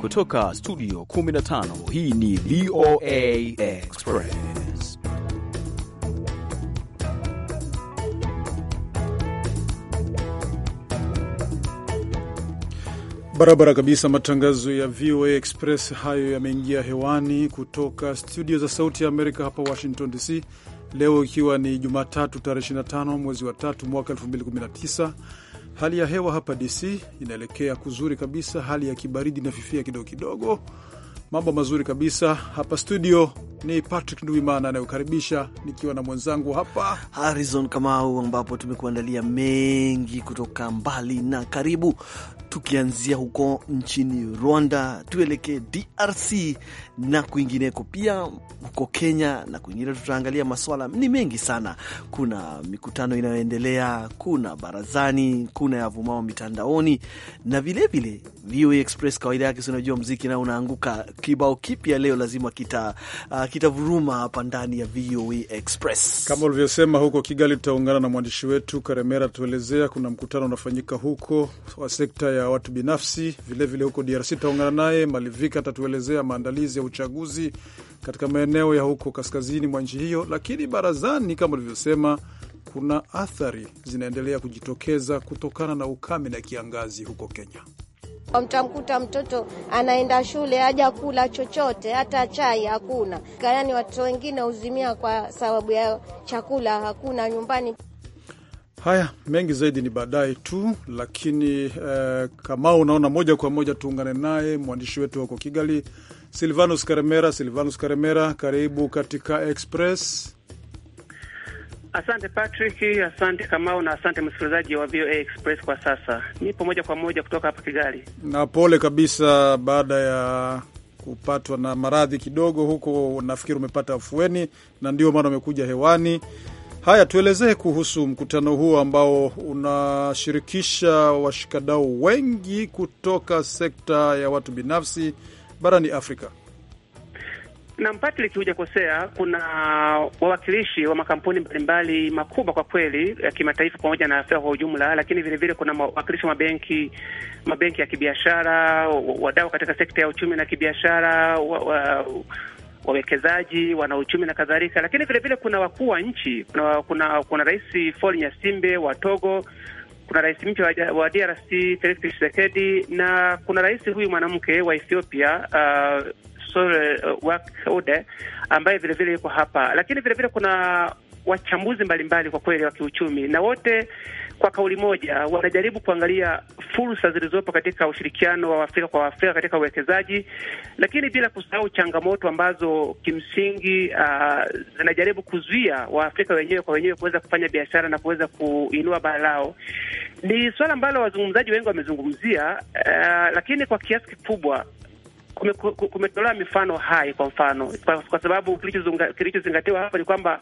Kutoka studio 15 hii ni VOA Express. Barabara kabisa, matangazo ya VOA Express hayo yameingia hewani kutoka studio za Sauti ya Amerika hapa Washington DC, leo ikiwa ni Jumatatu tarehe 25 mwezi wa tatu mwaka 2019 Hali ya hewa hapa DC inaelekea kuzuri kabisa, hali ya kibaridi inafifia kidogo kidogo, mambo mazuri kabisa. Hapa studio ni Patrick Nduimana anayokaribisha nikiwa na mwenzangu hapa Harrison Kamau, ambapo tumekuandalia mengi kutoka mbali na karibu, tukianzia huko nchini Rwanda tuelekee DRC na kwingineko, pia huko Kenya na kwingine. Tutaangalia maswala ni mengi sana, kuna mikutano inayoendelea, kuna barazani, kuna yavumao mitandaoni na vilevile VOA Express. Kawaida yake si unajua mziki nao unaanguka, kibao kipya leo lazima uh, kitavuruma, uh, kita hapa ndani ya VOA Express. Kama ulivyosema, huko Kigali tutaungana na mwandishi wetu Karemera, tuelezea kuna mkutano unafanyika huko wa sekta ya ya watu binafsi. Vilevile vile huko DRC taungana naye Malivika, atatuelezea maandalizi ya uchaguzi katika maeneo ya huko kaskazini mwa nchi hiyo. Lakini barazani, kama ulivyosema, kuna athari zinaendelea kujitokeza kutokana na ukame na kiangazi huko Kenya. Mtamkuta mtoto anaenda shule haja kula chochote, hata chai hakuna. Yaani watoto wengine huzimia kwa sababu ya chakula hakuna nyumbani. Haya, mengi zaidi ni baadaye tu, lakini eh, kama unaona, moja kwa moja tuungane naye mwandishi wetu huko Kigali, Silvanus Karemera. Silvanus Karemera, karibu katika Express. Asante Patrick, asante Kamau na asante msikilizaji wa VOA Express. Kwa sasa nipo moja kwa moja kutoka hapa Kigali, na pole kabisa baada ya kupatwa na maradhi kidogo huko. Nafikiri umepata afueni na ndio maana umekuja hewani. Haya, tuelezee kuhusu mkutano huo ambao unashirikisha washikadau wengi kutoka sekta ya watu binafsi barani Afrika. Na Patrick, hujakosea. Kuna wawakilishi wa makampuni mbalimbali makubwa kwa kweli ya kimataifa pamoja na Afrika kwa ujumla, lakini vile vile kuna wawakilishi wa mabenki mabenki ya kibiashara, wadau katika sekta ya uchumi na kibiashara, wa, wa, wawekezaji, wanauchumi na kadhalika, lakini vilevile kuna wakuu wa nchi. Kuna, kuna, kuna Rais Faure Nyasimbe wa Togo, kuna rais mpya wa, wa DRC Felix Tshisekedi na kuna rais huyu mwanamke wa Ethiopia uh, Sore Wak ambaye vilevile yuko hapa, lakini vilevile kuna wachambuzi mbalimbali kwa kweli wa kiuchumi, na wote kwa kauli moja, wanajaribu kuangalia fursa zilizopo katika ushirikiano wa Afrika kwa Afrika katika uwekezaji, lakini bila kusahau changamoto ambazo kimsingi ah, zinajaribu kuzuia Waafrika wenyewe kwa wenyewe kuweza kufanya biashara na kuweza kuinua bara lao. Ni swala ambalo wazungumzaji wengi wamezungumzia, uh, lakini kwa kiasi kikubwa kumetolewa mifano hai, kwa mfano kwa, kwa sababu kilichozingatiwa hapa ni kwamba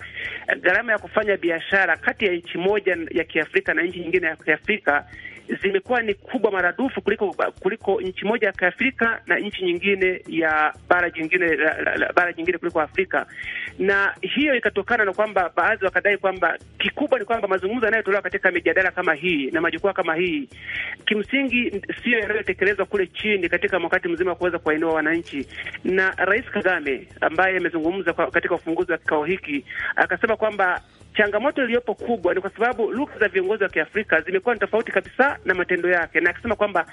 eh, gharama ya kufanya biashara kati ya nchi moja ya Kiafrika na nchi nyingine ya Kiafrika zimekuwa ni kubwa maradufu kuliko kuliko nchi moja ya Kiafrika na nchi nyingine ya bara jingine la, la, la, bara jingine kuliko Afrika, na hiyo ikatokana na kwamba baadhi wakadai kwamba kikubwa ni kwamba mazungumzo yanayotolewa katika mijadala kama hii na majukwaa kama hii kimsingi sio yanayotekelezwa kule chini katika wakati mzima wa kuweza kuwainua wananchi. Na Rais Kagame ambaye amezungumza katika ufunguzi wa kikao hiki akasema kwamba Changamoto iliyopo kubwa ni kwa sababu lugha za viongozi wa Kiafrika zimekuwa ni tofauti kabisa na matendo yake, na akisema kwamba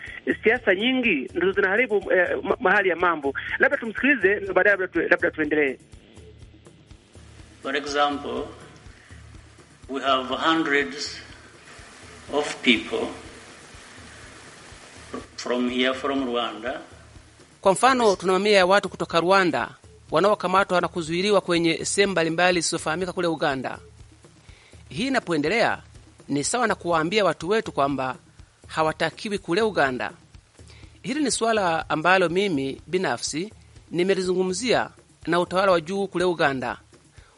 siasa nyingi ndizo zinaharibu eh, mahali ya mambo. Labda tumsikilize na baadaye labda tuendelee. For example, we have hundreds of people from here, from Rwanda. Kwa mfano, tuna mamia ya watu kutoka Rwanda wanaokamatwa na kuzuiliwa kwenye sehemu mbalimbali zisizofahamika kule Uganda hii inapoendelea ni sawa na kuwaambia watu wetu kwamba hawatakiwi kule Uganda. Hili ni suala ambalo mimi binafsi nimelizungumzia na utawala wa juu kule Uganda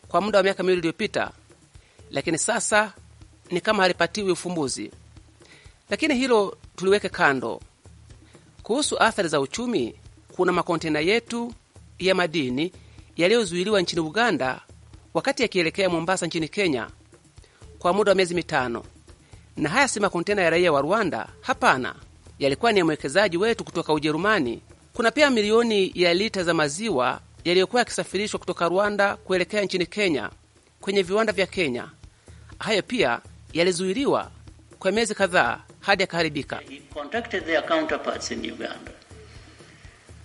kwa muda wa miaka miwili iliyopita, lakini sasa ni kama halipatiwi ufumbuzi. Lakini hilo tuliweke kando. Kuhusu athari za uchumi, kuna makontena yetu ya madini yaliyozuiliwa nchini Uganda wakati yakielekea Mombasa nchini Kenya kwa muda wa miezi mitano. Na haya si makontena ya raia wa Rwanda, hapana, yalikuwa ni ya mwekezaji wetu kutoka Ujerumani. Kuna pia milioni ya lita za maziwa yaliyokuwa yakisafirishwa kutoka Rwanda kuelekea nchini Kenya kwenye viwanda vya Kenya. Hayo pia yalizuiliwa kwa miezi kadhaa hadi yakaharibika.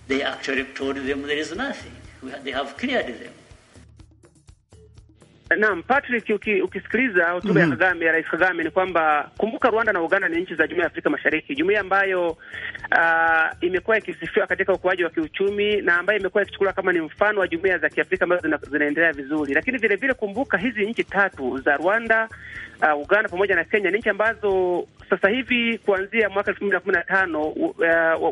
They actually told them there is nothing. They have cleared them. Naam, Patrick, uki, ukisikiliza hotuba ya mhm. Kagame ya Rais Kagame ni kwamba kumbuka, Rwanda na Uganda ni nchi za Jumuiya ya Afrika Mashariki, jumuiya ambayo uh, imekuwa ikisifiwa katika ukuaji wa kiuchumi na ambayo imekuwa ikichukuliwa kama ni mfano wa jumuiya za Kiafrika ambazo zina, zinaendelea vizuri. Lakini vile vile kumbuka hizi nchi tatu za Rwanda, uh, Uganda pamoja na Kenya ni nchi ambazo sasa hivi kuanzia mwaka elfu mbili na kumi na tano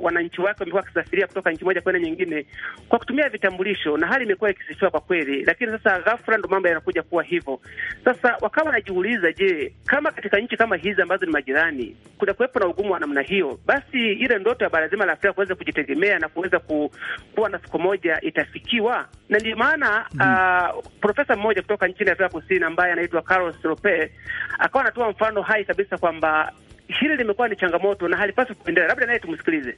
wananchi wake wamekuwa wakisafiria kutoka nchi moja kwenda nyingine kwa kutumia vitambulisho, na hali imekuwa ikisifiwa kwa kweli. Lakini sasa ghafla ndo mambo yanakuja kuwa hivyo. Sasa wakawa wanajiuliza, je, kama katika nchi kama hizi ambazo ni majirani kuna kuwepo na ugumu wa namna hiyo, basi ile ndoto ya bara zima la Afrika kuweza kujitegemea na kuweza ku, kuwa na siku moja itafikiwa? Na ndio maana mm -hmm. uh, profesa mmoja kutoka nchini Afrika Kusini ambaye anaitwa Carlos Rope akawa anatoa mfano hai kabisa kwamba hili limekuwa ni changamoto na halipaswi kuendelea. Labda naye tumsikilize.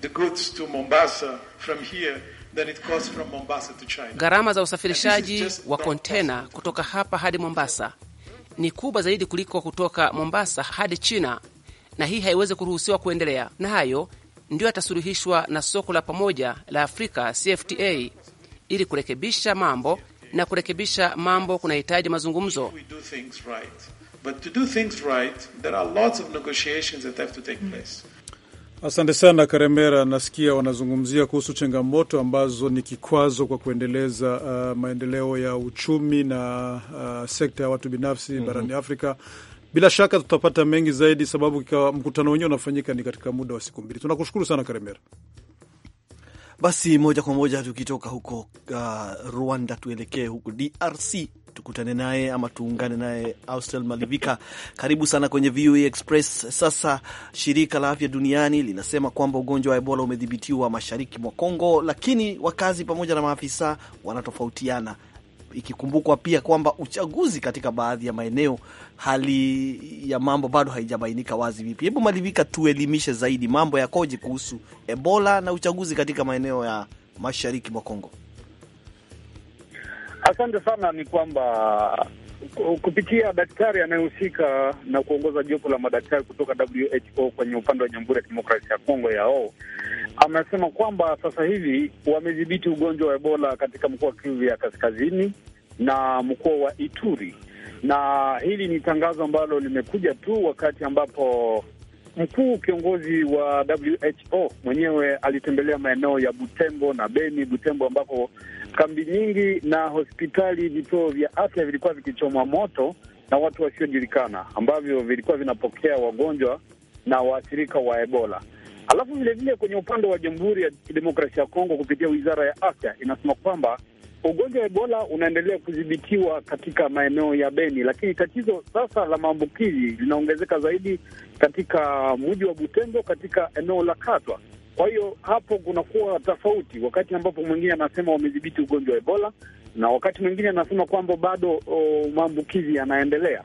The goods to Mombasa from here Gharama za usafirishaji wa kontena kutoka hapa hadi Mombasa ni kubwa zaidi kuliko kutoka Mombasa hadi China, na hii haiwezi kuruhusiwa kuendelea. Na hayo ndiyo yatasuluhishwa na soko la pamoja la Afrika, CFTA. Ili kurekebisha mambo na kurekebisha mambo kunahitaji mazungumzo. But to do things right, there are lots of negotiations that have to take hmm. place. Asante sana Karemera. Nasikia wanazungumzia kuhusu changamoto ambazo ni kikwazo kwa kuendeleza uh, maendeleo ya uchumi na uh, sekta ya watu binafsi mm -hmm. barani Afrika. Bila shaka tutapata mengi zaidi, sababu mkutano wenyewe unafanyika ni katika muda wa siku mbili. Tunakushukuru sana Karemera. Basi moja kwa moja tukitoka huko uh, Rwanda tuelekee huko DRC tukutane naye ama tuungane naye Austel Malivika, karibu sana kwenye VOA e Express. Sasa shirika la afya duniani linasema kwamba ugonjwa wa Ebola umedhibitiwa mashariki mwa Kongo, lakini wakazi pamoja na maafisa wanatofautiana, ikikumbukwa pia kwamba uchaguzi katika baadhi ya maeneo, hali ya mambo bado haijabainika wazi. Vipi, hebu Malivika, tuelimishe zaidi, mambo yakoje kuhusu Ebola na uchaguzi katika maeneo ya mashariki mwa Kongo? Asante sana. Ni kwamba kupitia daktari anayehusika na kuongoza jopo la madaktari kutoka WHO kwenye upande wa Jamhuri ya Kidemokrasia ya Kongo yao amesema kwamba sasa hivi wamedhibiti ugonjwa wa Ebola katika mkoa wa Kivu ya Kaskazini na mkoa wa Ituri, na hili ni tangazo ambalo limekuja tu wakati ambapo mkuu kiongozi wa WHO mwenyewe alitembelea maeneo ya Butembo na Beni, Butembo ambako Kambi nyingi na hospitali, vituo vya afya vilikuwa vikichomwa moto na watu wasiojulikana, ambavyo vilikuwa vinapokea wagonjwa na waathirika wa Ebola. Alafu vilevile kwenye upande wa Jamhuri ya Kidemokrasia ya Kongo, kupitia wizara ya afya inasema kwamba ugonjwa wa Ebola unaendelea kudhibitiwa katika maeneo ya Beni, lakini tatizo sasa la maambukizi linaongezeka zaidi katika mji wa Butembo, katika eneo la Katwa. Kwa hiyo hapo kunakuwa tofauti, wakati ambapo mwingine anasema wamedhibiti ugonjwa wa Ebola na wakati mwingine anasema kwamba bado maambukizi yanaendelea.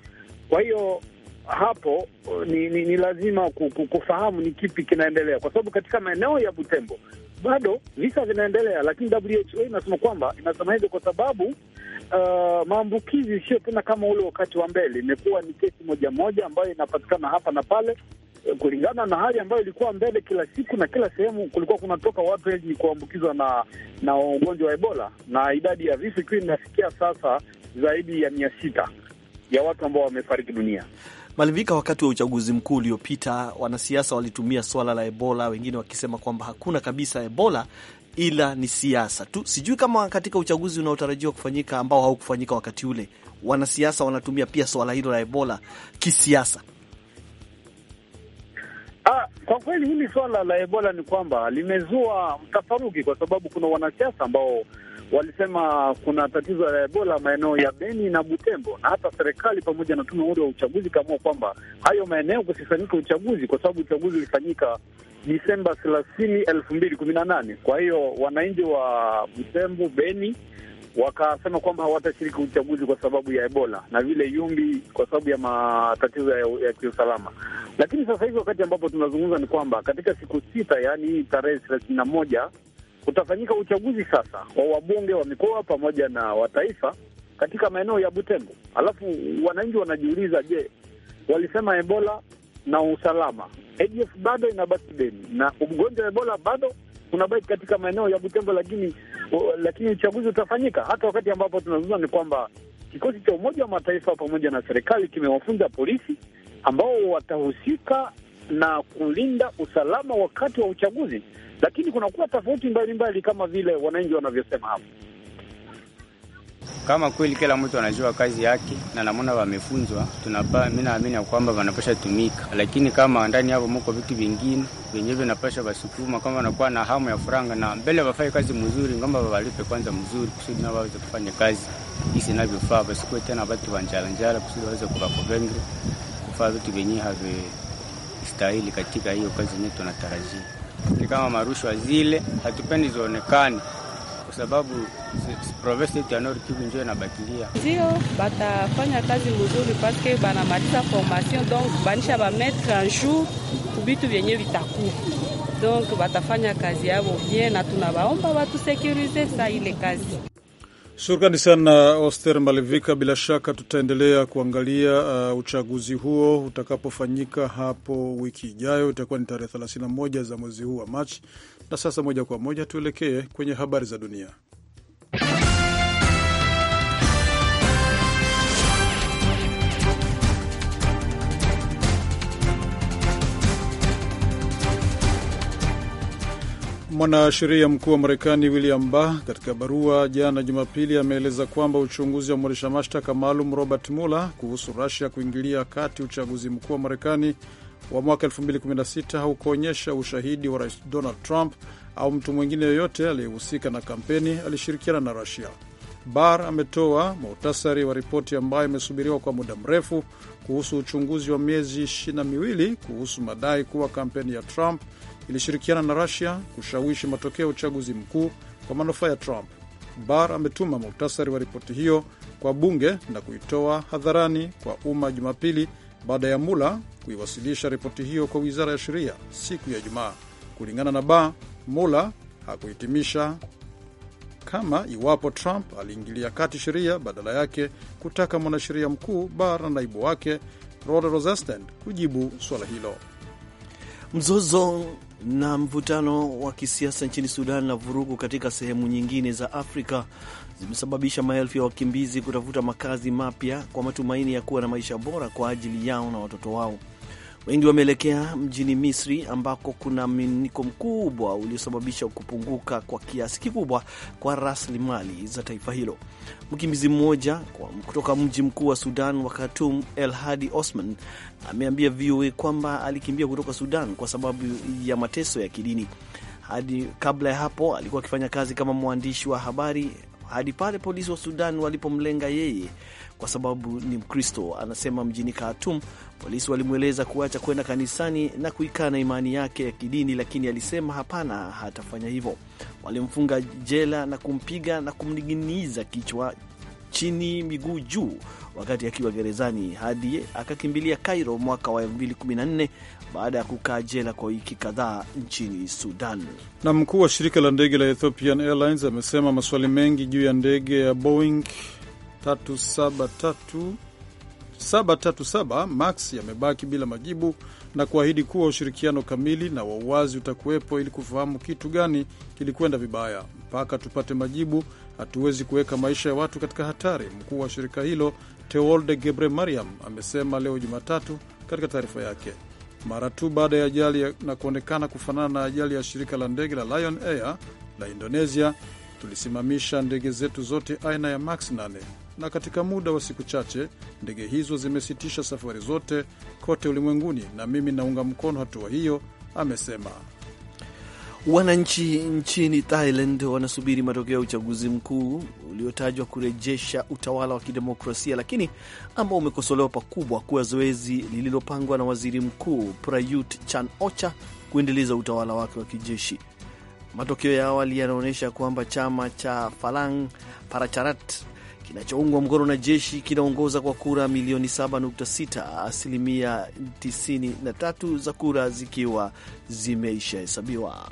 Kwa hiyo hapo ni, ni, ni lazima kufahamu ni kipi kinaendelea, kwa sababu katika maeneo ya Butembo bado visa vinaendelea, lakini WHO inasema kwamba inasema hivyo kwa sababu uh, maambukizi sio tena kama ule wakati wa mbele. Imekuwa ni kesi moja moja ambayo inapatikana hapa na pale eh, kulingana na hali ambayo ilikuwa mbele. Kila siku na kila sehemu kulikuwa kunatoka watu wengi kuambukizwa na na ugonjwa wa Ebola, na idadi ya vifo ikiwa inafikia sasa zaidi ya mia sita ya watu ambao wamefariki dunia. Malivika, wakati wa uchaguzi mkuu uliopita, wanasiasa walitumia swala la Ebola, wengine wakisema kwamba hakuna kabisa Ebola, ila ni siasa tu. Sijui kama katika uchaguzi unaotarajiwa kufanyika ambao haukufanyika wakati ule, wanasiasa wanatumia pia swala hilo la Ebola kisiasa. Ah, kwa kweli hili swala la Ebola ni kwamba limezua mtafaruki, kwa sababu kuna wanasiasa ambao walisema kuna tatizo la Ebola maeneo ya Beni na Butembo, na hata serikali pamoja na tume huru ya uchaguzi kaamua kwamba hayo maeneo kusifanyika uchaguzi, kwa sababu uchaguzi ulifanyika Disemba thelathini elfu mbili kumi na nane. Kwa hiyo wananchi wa Mtembu Beni wakasema kwamba hawatashiriki uchaguzi kwa sababu ya Ebola na vile Yumbi kwa sababu ya matatizo ya, ya kiusalama. Lakini sasa hivi wakati ambapo tunazungumza ni kwamba katika siku sita, yaani hii tarehe thelathini na moja utafanyika uchaguzi sasa wa wabunge wa mikoa pamoja na wa taifa katika maeneo ya Butembo. Alafu wananchi wanajiuliza, je, walisema Ebola na usalama. ADF bado inabaki deni na ugonjwa wa Ebola bado unabaki katika maeneo ya Butembo, lakini lakini uchaguzi utafanyika. Hata wakati ambapo tunazungumza ni kwamba kikosi cha Umoja wa Mataifa pamoja na serikali kimewafunza polisi ambao watahusika na kulinda usalama wakati wa uchaguzi, lakini kunakuwa tofauti mbalimbali kama vile wananchi wanavyosema hapo. Kama kweli kila mtu anajua kazi yake na namuna wamefunzwa, tunapa mimi naamini ya kwamba wanapasha tumika, lakini kama ndani yao mko vitu vingine venye vinapasha wasukuma, kama wanakuwa na hamu ya furanga na mbele wafanye kazi mzuri, ngomba wawalipe kwanza mzuri, kusudi nao waweze kufanya kazi isi inavyofaa, wasikuwe tena watu wanjalanjala, kusudi waweze kuvakovengre kufaa vitu vyenye havistahili katika hiyo kazi yenyewe tunatarajia. Kama marushwa zile hatupendi zionekane sababu province yetu ya Nord Kivu ndio inabakilia, ndio batafanya kazi mzuri paske banamaliza formation donc banisha bametre en jour kubitu vyenye vitakuwa donc batafanya kazi yabo bien, na tunabaomba batusecurize sa ile kazi Shukrani sana Oster Malivika. Bila shaka tutaendelea kuangalia uh, uchaguzi huo utakapofanyika hapo wiki ijayo, itakuwa ni tarehe 31 za mwezi huu wa Machi. Na sasa moja kwa moja tuelekee kwenye habari za dunia. Mwanasheria mkuu wa Marekani William Barr katika barua jana Jumapili ameeleza kwamba uchunguzi wa mwendesha mashtaka maalum Robert Mueller kuhusu Rusia kuingilia kati uchaguzi mkuu wa Marekani wa mwaka 2016 haukuonyesha ushahidi wa Rais Donald Trump au mtu mwingine yoyote aliyehusika na kampeni alishirikiana na Rusia. Bar ametoa muhtasari wa ripoti ambayo imesubiriwa kwa muda mrefu kuhusu uchunguzi wa miezi ishirini na miwili kuhusu madai kuwa kampeni ya Trump ilishirikiana na Rusia kushawishi matokeo ya uchaguzi mkuu kwa manufaa ya Trump. Bar ametuma muhtasari wa ripoti hiyo kwa bunge na kuitoa hadharani kwa umma Jumapili baada ya Mula kuiwasilisha ripoti hiyo kwa wizara ya sheria siku ya jumaa Kulingana na Bar, Mula hakuhitimisha kama iwapo Trump aliingilia kati sheria badala yake kutaka mwanasheria mkuu Barr na naibu wake Rod Rosenstein kujibu suala hilo. Mzozo na mvutano wa kisiasa nchini Sudan na vurugu katika sehemu nyingine za Afrika zimesababisha maelfu ya wakimbizi kutafuta makazi mapya kwa matumaini ya kuwa na maisha bora kwa ajili yao na watoto wao. Wengi wameelekea mjini Misri ambako kuna mmiminiko mkubwa uliosababisha kupunguka kwa kiasi kikubwa kwa rasilimali za taifa hilo. Mkimbizi mmoja kutoka mji mkuu wa Sudan wa Khartoum, El Hadi Osman, ameambia VOA kwamba alikimbia kutoka Sudan kwa sababu ya mateso ya kidini. Hadi kabla ya hapo alikuwa akifanya kazi kama mwandishi wa habari hadi pale polisi wa Sudan walipomlenga yeye kwa sababu ni Mkristo. Anasema mjini Khartoum polisi walimweleza kuacha kwenda kanisani na kuikana imani yake ya kidini, lakini alisema hapana, hatafanya hivyo. Walimfunga jela na kumpiga na kumning'iniza kichwa chini miguu juu wakati akiwa gerezani hadi akakimbilia Cairo mwaka wa 2014 baada ya kukaa jela kwa wiki kadhaa nchini Sudan. Na mkuu wa shirika la ndege la Ethiopian Airlines amesema maswali mengi juu ya ndege ya Boeing 373 737 Max yamebaki bila majibu na kuahidi kuwa ushirikiano kamili na wa uwazi utakuwepo ili kufahamu kitu gani kilikwenda vibaya. Mpaka tupate majibu, hatuwezi kuweka maisha ya watu katika hatari, mkuu wa shirika hilo Teolde Gebre Mariam amesema leo Jumatatu katika taarifa yake mara tu baada ya ajali na kuonekana kufanana na ajali ya shirika la ndege la Lion Air la Indonesia, tulisimamisha ndege zetu zote aina ya Max 8 na katika muda wa siku chache ndege hizo zimesitisha safari zote kote ulimwenguni, na mimi naunga mkono hatua hiyo, amesema. Wananchi nchini Thailand wanasubiri matokeo ya uchaguzi mkuu uliotajwa kurejesha utawala wa kidemokrasia, lakini ambao umekosolewa pakubwa kuwa zoezi lililopangwa na waziri mkuu Prayut Chan-ocha kuendeleza utawala wake wa kijeshi. Matokeo ya awali yanaonyesha kwamba chama cha Falang paracharat kinachoungwa mkono na jeshi kinaongoza kwa kura milioni 7.6, asilimia 93 za kura zikiwa zimeishahesabiwa.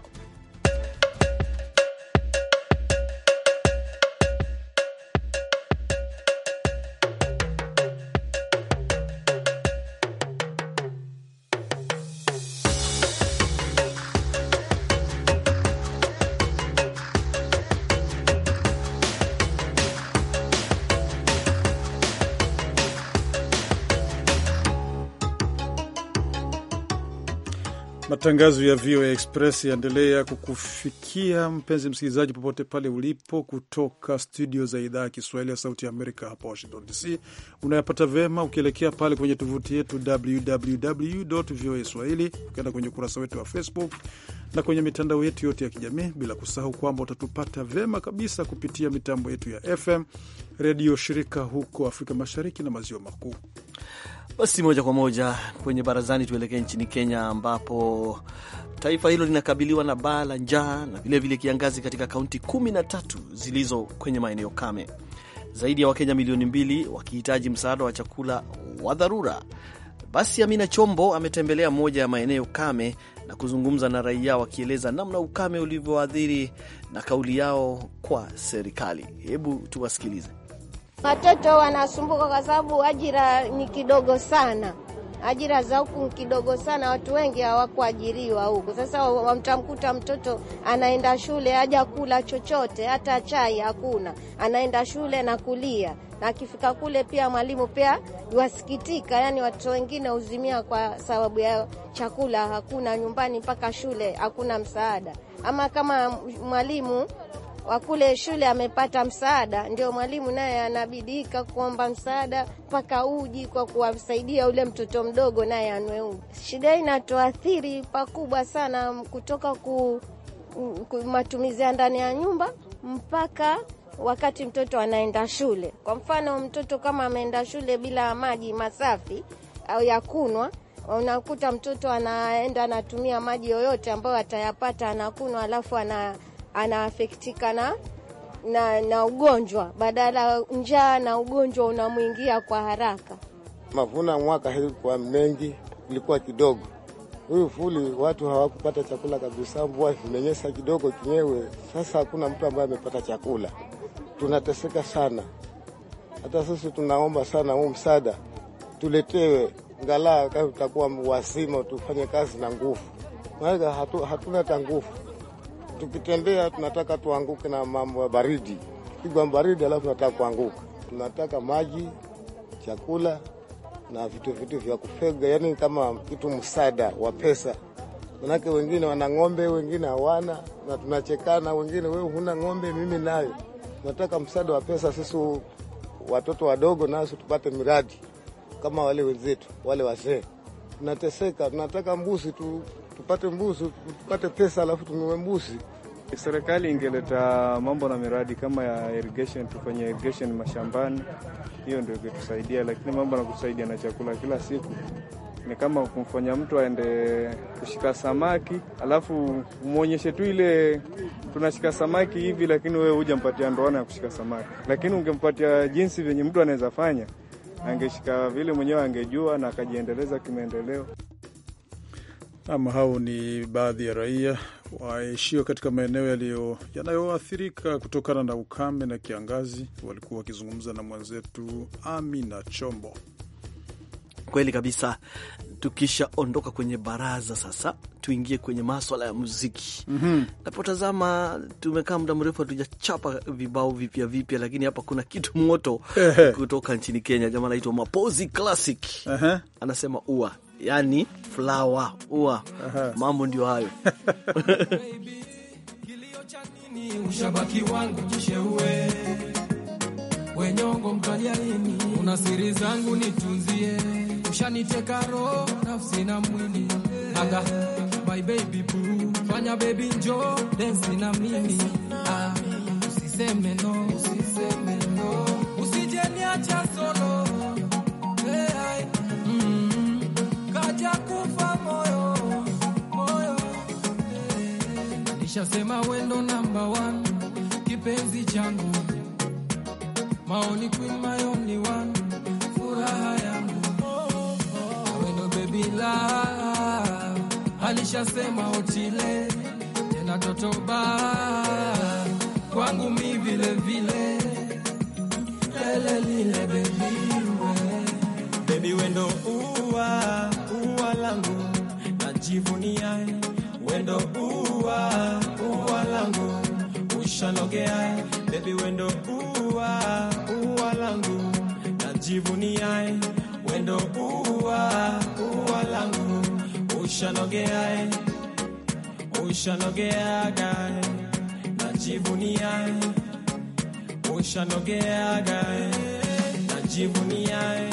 Matangazo ya VOA Express yaendelea kukufikia mpenzi msikilizaji, popote pale ulipo, kutoka studio za idhaa ya Kiswahili ya Sauti ya Amerika hapa Washington DC. Unayapata vema ukielekea pale kwenye tovuti yetu www voa swahili, ukienda kwenye ukurasa wetu wa Facebook na kwenye mitandao yetu yote ya kijamii, bila kusahau kwamba utatupata vema kabisa kupitia mitambo yetu ya FM redio shirika huko Afrika Mashariki na Maziwa Makuu. Basi moja kwa moja kwenye barazani, tuelekee nchini Kenya ambapo taifa hilo linakabiliwa na baa la njaa na vilevile kiangazi katika kaunti kumi na tatu zilizo kwenye maeneo kame, zaidi ya Wakenya milioni mbili wakihitaji msaada wa chakula wa dharura. Basi Amina Chombo ametembelea moja ya maeneo kame na kuzungumza na raia wakieleza namna ukame ulivyoathiri na kauli yao kwa serikali. Hebu tuwasikilize. Watoto wanasumbuka kwa sababu ajira ni kidogo sana, ajira za huku ni kidogo sana, watu wengi hawakuajiriwa huku. Sasa wamtamkuta mtoto anaenda shule haja kula chochote, hata chai hakuna, anaenda shule na kulia na akifika kule pia mwalimu pia wasikitika, yani watoto wengine huzimia kwa sababu ya chakula hakuna nyumbani, mpaka shule hakuna msaada. Ama kama mwalimu wa kule shule amepata msaada, ndio mwalimu naye anabidika kuomba msaada mpaka uji kwa kuwasaidia ule mtoto mdogo naye anwe uji. Shida inatuathiri pakubwa sana, kutoka ku, ku matumizi ya ndani ya nyumba mpaka wakati mtoto anaenda shule. Kwa mfano, mtoto kama ameenda shule bila maji masafi au ya kunwa unakuta mtoto anaenda anatumia maji yoyote ambayo atayapata anakunywa, alafu ana anaafektika na na, na ugonjwa badala njaa na ugonjwa unamwingia kwa haraka. mavuna mwaka hii kwa mengi ilikuwa kidogo, huyu fuli watu hawakupata chakula kabisa, mvua imenyesha kidogo kinyewe. Sasa hakuna mtu ambaye amepata chakula, tunateseka sana. Hata sisi tunaomba sana huu msaada tuletewe, ngalaa kama tutakuwa wazima tufanye kazi na nguvu, maana hatuna hata nguvu tukitembea tunataka tuanguke na mambo ya baridi, pigwa baridi, alafu tunataka kuanguka. Tunataka maji, chakula na vitu vitu vya kufega, yani kama kitu msaada wa pesa, manake wengine wana ng'ombe, wengine hawana, na tunachekana, wengine wewe huna ng'ombe, mimi nayo. Tunataka msaada wa pesa sisi watoto wadogo, nasi tupate miradi kama wale wenzetu wale wazee. Tunateseka, tunataka mbuzi tu tupate mbuzi, tupate pesa alafu tunue mbuzi. Serikali ingeleta mambo na miradi kama ya irrigation, tufanye irrigation mashambani, hiyo ndio ingetusaidia. Lakini mambo na kusaidia na chakula kila siku ni kama kumfanya mtu aende kushika samaki, alafu umwonyeshe tu ile tunashika samaki hivi, lakini wewe hujampatia ndoana ya kushika samaki, lakini ungempatia jinsi venye mtu anaweza fanya, angeshika vile mwenyewe, angejua na akajiendeleza kimaendeleo. Nam, hao ni baadhi ya raia waishio katika maeneo yanayoathirika kutokana na ukame na kiangazi. Walikuwa wakizungumza na mwenzetu Amina Chombo. Kweli kabisa. Tukishaondoka kwenye baraza sasa, tuingie kwenye maswala ya muziki. mm -hmm. Napotazama tumekaa muda mrefu hatujachapa vibao vipya vipya, lakini hapa kuna kitu moto kutoka nchini Kenya. Jamaa anaitwa Mapozi Classic anasema ua yani flower ua. Mambo ndio hayo. kilio cha nini Ushabaki wangu jisheue, wenyongo mtaja lini? Una siri zangu nitunzie, ushaniteka roho, nafsi na mwili. Aga my baby boo, fanya baby njo dance na mimi. Ah, usiseme no, usiseme no, usijeniacha solo. Hey, nitakufa moyo moyo, nishasema wendo namba one, kipenzi changu, maoni queen, my only one, furaha yangu wendo baby la alishasema otile tena totoba kwangu mi vile vile lele lile baby, baby wendo uwa nijivunia wendo uwa uwa langu ushanogea bebi wendo uwa uwa langu najivunia wendo uwa uwa langu ushanogea ushanogeaga najivunia ushanogeaga najivunia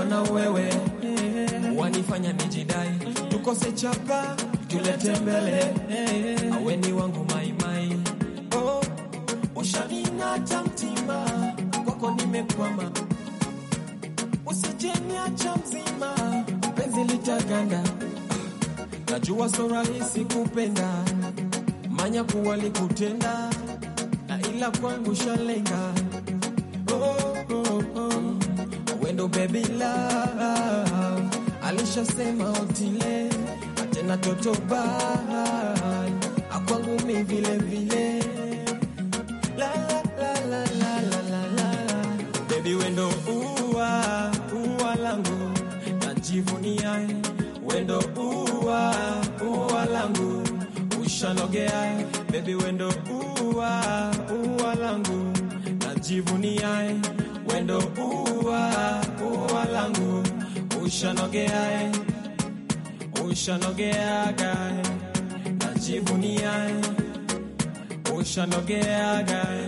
nikiwa na wewe wanifanya nijidai, tukose chapa tulete mbele, awe ni wangu maimai, oh, ushaninata mtima kwako nimekwama, usijeniacha mzima, penzi litaganda, najua so rahisi kupenda manya kuwalikutenda na ila kwangu shalenga ndo baby love alishasema otile atena toto bai akwangu mi vile vile la la la la la la baby wendo uwa uwa langu najivunia wendo uwa uwa langu ushanogea baby wendo uwa uwa langu najivunia wendo uwa uwa langu ushanogeae ushanogeagae najivuniae ushanogeagae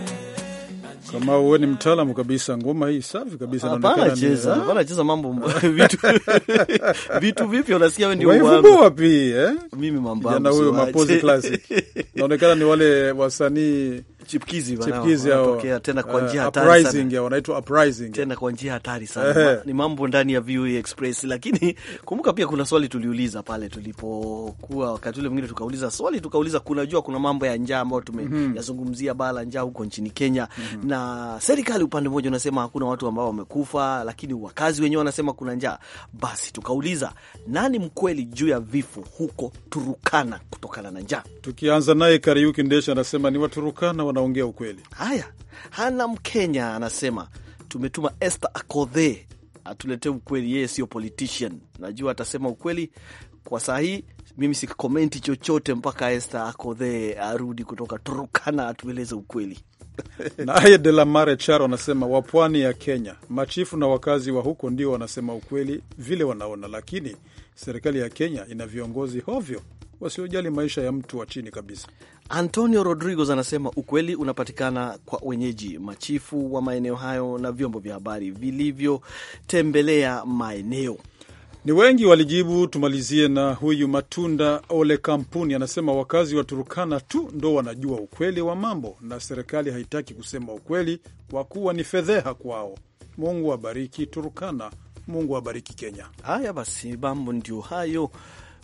kama uwe ni mtaalamu kabisa, ngoma hii safi kabisa. Hapana cheza, eh? hapana cheza mambo vitu vitu vipya, unasikia wewe ndio wangu wapi eh? Mimi mambo na huyo mapozi classic naonekana ni wale wasanii chipkizi chipkizi wanatokea tena kwa njia uh, hatari sana. Wanaitwa uprising tena kwa njia hatari sana ni mambo ndani ya VOA Express, lakini kumbuka pia kuna swali tuliuliza pale tulipokuwa wakati ule mwingine, tukauliza swali tukauliza, kunajua kuna mambo ya njaa ambayo tumeyazungumzia, mhm. mm -hmm. baa la njaa huko nchini Kenya mm -hmm. na serikali upande mmoja unasema hakuna watu ambao wamekufa, lakini wakazi wenyewe wanasema kuna njaa. Basi tukauliza nani mkweli juu ya vifo huko Turukana kutokana na njaa, tukianza naye Kariuki Ndesha anasema ni Waturukana wanaongea ukweli. Haya, hana Mkenya anasema tumetuma Esther Akodhe atuletee ukweli, yeye sio politician. Najua atasema ukweli kwa saa hii. Mimi sikomenti chochote mpaka Esther Akodhe arudi kutoka Turukana atueleze ukweli. Naye mare Charo anasema wapwani ya Kenya, machifu na wakazi wa huko ndio wanasema ukweli vile wanaona, lakini serikali ya Kenya ina viongozi hovyo wasiojali maisha ya mtu wa chini kabisa. Antonio Rodriguez anasema ukweli unapatikana kwa wenyeji, machifu wa maeneo hayo na vyombo vya habari vilivyotembelea maeneo ni wengi walijibu. Tumalizie na huyu Matunda Ole Kampuni, anasema wakazi wa Turukana tu ndo wanajua ukweli wa mambo, na serikali haitaki kusema ukweli kwa kuwa ni fedheha kwao. Mungu abariki Turukana, Mungu abariki Kenya. Haya basi, mambo ndio hayo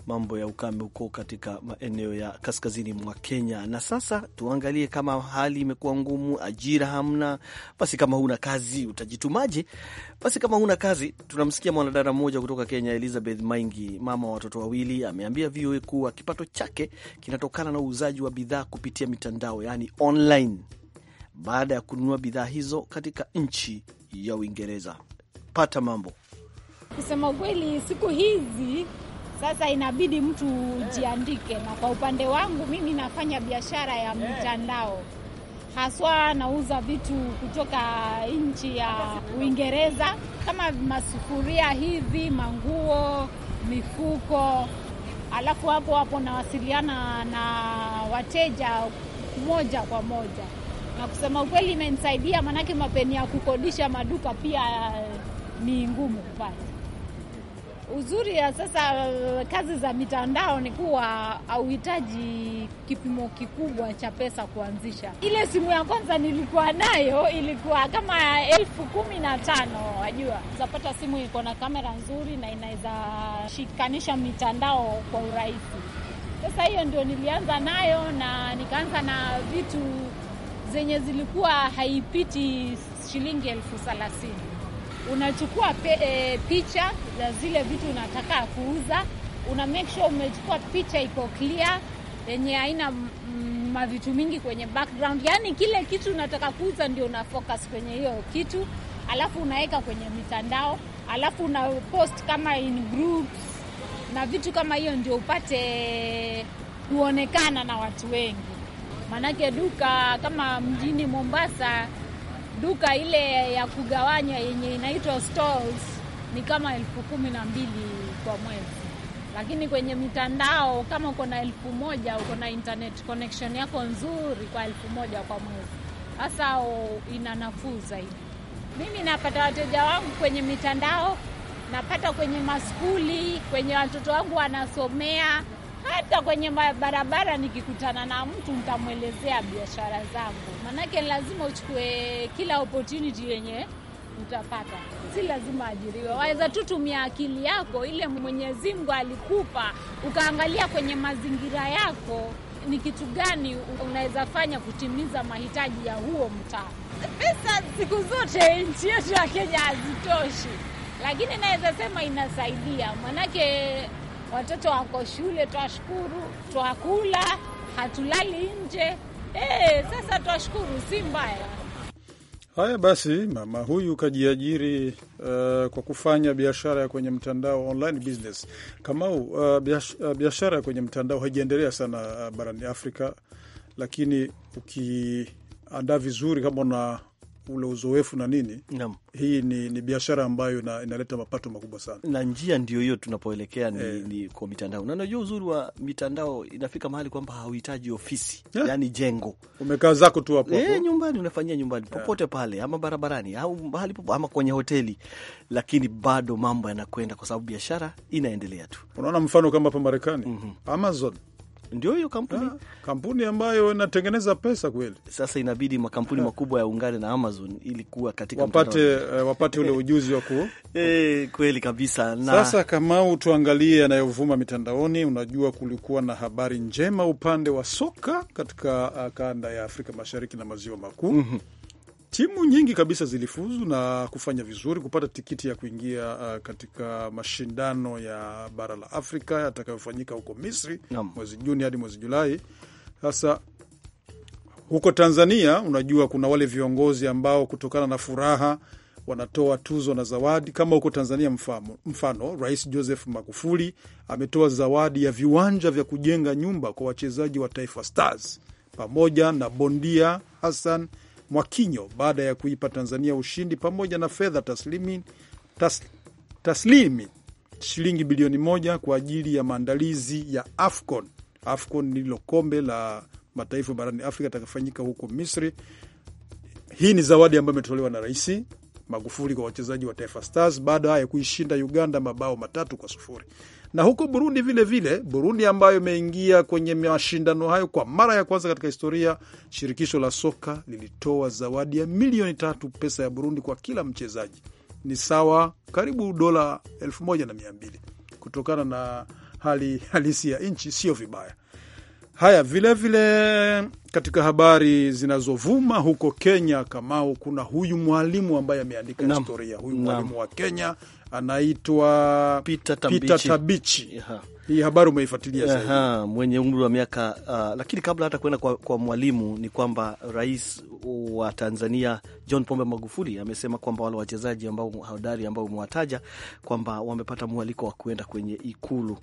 mambo ya ukame huko katika maeneo ya kaskazini mwa Kenya. Na sasa tuangalie kama hali imekuwa ngumu, ajira hamna, basi kama huna kazi utajitumaje? Basi kama huna kazi, tunamsikia mwanadada mmoja kutoka Kenya, Elizabeth Maingi, mama wa watoto wawili, ameambia VOA kuwa kipato chake kinatokana na uuzaji wa bidhaa kupitia mitandao, yani online, baada ya kununua bidhaa hizo katika nchi ya Uingereza. Pata mambo. Kusema ukweli, siku hizi sasa inabidi mtu ujiandike, na kwa upande wangu mimi nafanya biashara ya mtandao haswa nauza vitu kutoka nchi ya Uingereza kama masufuria hivi, manguo, mifuko. Alafu hapo hapo nawasiliana na wateja moja kwa moja, na kusema ukweli imenisaidia, maanake mapeni ya kukodisha maduka pia ni ngumu kupata. Uzuri ya sasa kazi za mitandao ni kuwa hauhitaji kipimo kikubwa cha pesa kuanzisha. Ile simu ya kwanza nilikuwa nayo ilikuwa kama elfu kumi na tano. Wajua, utapata simu iko na kamera nzuri na inaweza shikanisha mitandao kwa urahisi. Sasa hiyo ndio nilianza nayo, na nikaanza na vitu zenye zilikuwa haipiti shilingi elfu thelathini unachukua pe, e, picha za zile vitu unataka kuuza, una make sure umechukua picha iko clear yenye haina mavitu mingi kwenye background, yaani kile kitu unataka kuuza ndio una focus kwenye hiyo kitu, alafu unaweka kwenye mitandao, alafu una post kama in groups na vitu kama hiyo, ndio upate kuonekana na watu wengi, maanake duka kama mjini Mombasa duka ile ya kugawanya yenye inaitwa stalls ni kama elfu kumi na mbili kwa mwezi, lakini kwenye mitandao kama uko na elfu moja uko na internet connection yako nzuri, kwa elfu moja kwa mwezi hasa ina nafuu zaidi. Mimi napata wateja wangu kwenye mitandao, napata kwenye maskuli, kwenye watoto wangu wanasomea hata kwenye barabara nikikutana na mtu nitamwelezea biashara zangu, manake lazima uchukue kila opportunity yenye utapata, si lazima ajiriwe. Waweza tu tumia akili yako ile Mwenyezi Mungu alikupa, ukaangalia kwenye mazingira yako ni kitu gani unaweza fanya kutimiza mahitaji ya huo mtaa. Pesa siku zote nchi yetu ya Kenya hazitoshi, lakini naweza sema inasaidia, manake watoto wako shule, twashukuru, twakula, hatulali nje. E, sasa twashukuru, si mbaya. Haya basi, mama huyu kajiajiri uh, kwa kufanya biashara ya kwenye mtandao online business. Kamau, uh, biashara ya kwenye mtandao haijaendelea sana barani Afrika, lakini ukiandaa vizuri kama una ule uzoefu na nini nam Hii ni, ni biashara ambayo na, inaleta mapato makubwa sana, na njia ndio hiyo tunapoelekea ni, eh, ni kwa mitandao. Na unajua uzuri wa mitandao inafika mahali kwamba hauhitaji ofisi yeah, yani jengo, umekaa zako tu hapo eh, nyumbani, unafanyia nyumbani eh. popote pale ama barabarani au mahali popo ama kwenye hoteli, lakini bado mambo yanakwenda kwa sababu biashara inaendelea tu. Unaona mfano kama hapa Marekani mm -hmm. Amazon ndio hiyo kampuni ha, ah, kampuni ambayo inatengeneza pesa kweli. Sasa inabidi makampuni ah. makubwa ya ungane na Amazon ili kuwa katika wapate, wa... Eh, wapate ule ujuzi wa ku e, kweli kabisa na... Sasa Kamau, tuangalie yanayovuma mitandaoni. Unajua, kulikuwa na habari njema upande wa soka katika ah, kanda ya Afrika Mashariki na Maziwa Makuu. mm -hmm. Timu nyingi kabisa zilifuzu na kufanya vizuri kupata tikiti ya kuingia uh, katika mashindano ya bara la Afrika yatakayofanyika huko Misri mwezi Juni hadi mwezi Julai. Sasa huko Tanzania, unajua kuna wale viongozi ambao kutokana na furaha wanatoa tuzo na zawadi kama huko Tanzania mfano, mfano Rais Joseph Magufuli ametoa zawadi ya viwanja vya kujenga nyumba kwa wachezaji wa Taifa Stars pamoja na bondia Hassan Mwakinyo baada ya kuipa Tanzania ushindi pamoja na fedha taslimi, tas, taslimi shilingi bilioni moja kwa ajili ya maandalizi ya AFCON. AFCON ndilo kombe la mataifa barani Afrika atakafanyika huko Misri. Hii ni zawadi ambayo imetolewa na Rais Magufuli kwa wachezaji wa Taifa Stars baada ya kuishinda Uganda mabao matatu kwa sufuri na huko Burundi vilevile vile, Burundi ambayo imeingia kwenye mashindano hayo kwa mara ya kwanza katika historia. Shirikisho la soka lilitoa zawadi ya milioni tatu pesa ya Burundi kwa kila mchezaji, ni sawa karibu dola elfu moja na mia mbili kutokana na hali halisi ya nchi, sio vibaya. Haya, vilevile vile, katika habari zinazovuma huko Kenya, Kamau, kuna huyu mwalimu ambaye ameandika historia, huyu mwalimu wa Kenya anaitwa Peter Tabichi, Peter Hii habari umeifuatilia sana, mwenye umri wa miaka uh, lakini kabla hata kuenda kwa, kwa mwalimu ni kwamba rais wa Tanzania John Pombe Magufuli amesema kwamba wale wachezaji ambao hodari ambao umewataja kwamba wamepata mwaliko wa kuenda kwenye Ikulu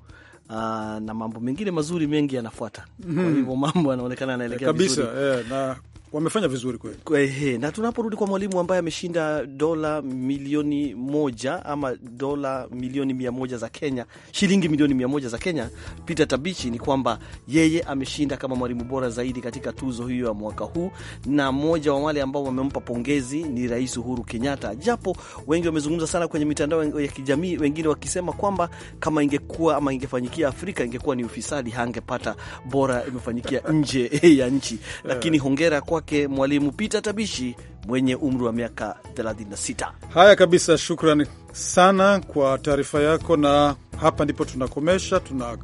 Ah, na mambo mengine mazuri mengi yanafuata. Kwa mhm. hivyo mambo yanaonekana yanaelekea kabisa yeah, na wamefanya vizuri kweli Na tunaporudi kwa mwalimu ambaye ameshinda dola milioni moja ama dola milioni mia moja za Kenya, shilingi milioni mia moja za Kenya, Peter Tabichi, ni kwamba yeye ameshinda kama mwalimu bora zaidi katika tuzo hiyo ya mwaka huu, na mmoja wa wale ambao wamempa pongezi ni Rais Uhuru Kenyatta, japo wengi wamezungumza sana kwenye mitandao ya kijamii, wengine wakisema kwamba kama ingekuwa ama ingefanyikia ingefanyikia Afrika ingekuwa ni ufisadi, hangepata bora imefanyikia nje ya nchi. Eh. Lakini hongera kwake Mwalimu Peter Tabishi mwenye umri wa miaka 36. Haya kabisa, shukran sana kwa taarifa yako, na hapa ndipo tunakomesha tuna